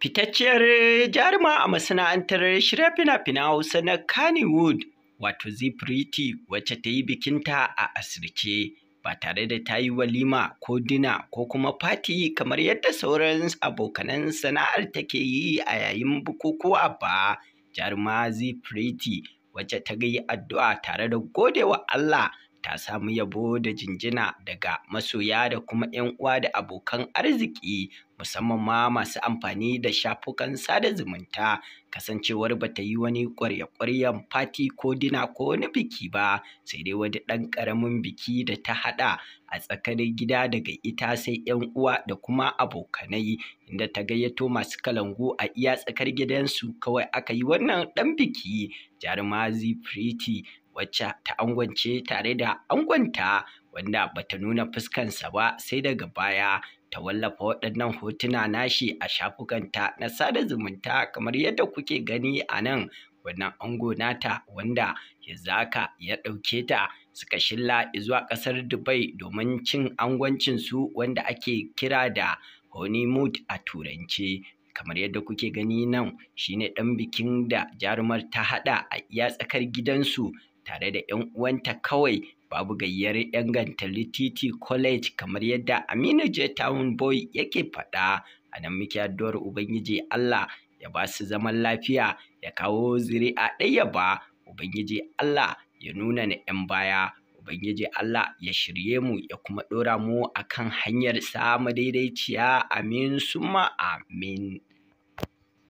Fitacciyar jaruma a masana'antar shirya fina fina Hausa na Kannywood, wato Zippriti, wacce ta yi bikinta a asirce ba tare da ta yi walima ko dina ko kuma fati kamar yadda sauran abokanan sana'ar take yi a yayin bukukuwa ba. Jaruma Zippriti, wacce ta gayi addu'a tare da godewa Allah ta samu yabo da jinjina daga masoya da kuma 'yan uwa da abokan arziki musamman ma masu amfani da shafukan sada zumunta kasancewar ba ta yi wani ƙwarya-ƙwaryan fati ko dina ko wani biki ba sai dai wani ɗan ƙaramin biki da ta haɗa a tsakanin gida daga ita sai 'yan uwa da kuma abokanai inda ta gayyato masu kalangu a iya tsakar gidansu kawai aka yi wannan ɗan biki jarumazi priti wacce ta angwance tare da angonta wanda bata nuna fuskansa ba sai daga baya ta wallafa waɗannan hotuna nashi a shafukanta na sada zumunta kamar yadda kuke gani a nan wannan ango nata wanda yanzu haka ya ɗauke ta suka shilla zuwa ƙasar Dubai domin cin angwancin su wanda ake kira da honeymoon a turance kamar yadda kuke gani nan shine ɗan bikin da jarumar ta haɗa a iya tsakar gidansu tare da 'yan uwanta kawai babu gayyar 'yan gantali college kamar yadda aminu j town boy yake faɗa a nan muke addu'ar ubangiji allah ya ba su zaman lafiya ya kawo zuri'a ɗaya ba ubangiji allah ya nuna na 'yan baya ubangiji allah ya shirye mu ya kuma ɗora mu akan hanyar sa madaidaiciya amin summa amin